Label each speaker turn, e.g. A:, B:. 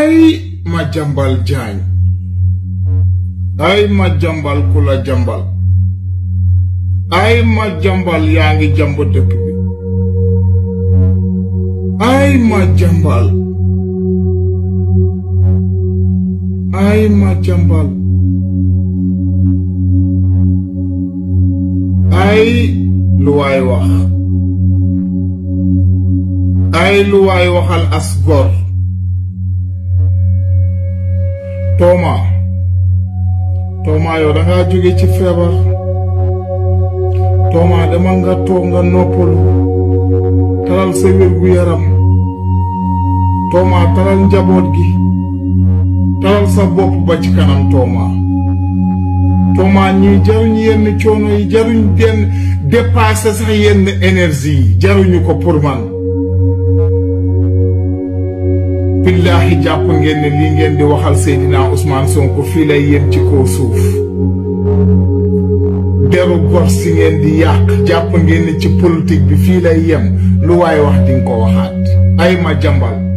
A: ay ma jambal jaañ ay ma jambal kula jambal ay ma jambal yaa ngi jamb dëkk bi ay ma jambal ay ma jambal ay lu waay wax ay lu waxal as Tooma Tooma yow da ngaa jóge ci feebar Tooma dama nga toog nga noppalu talal sa wérgu yaram Tooma talal njaboot gi talal sa bopp ba ci kanam Tooma Tooma ñuy jaruñ yenn coono yi jaruñ benn dépassé sax yenn énergie yi jaruñu ko pour man. billaahi jàpp ngeen ne lii ngeen di waxal Seydina Ousmane Sonko fii lay yem ci ko suuf deru gor si ngeen di yàq jàpp ngeen ne ci politique bi fii lay yem lu waay wax dinga ko waxaat ay ma jambal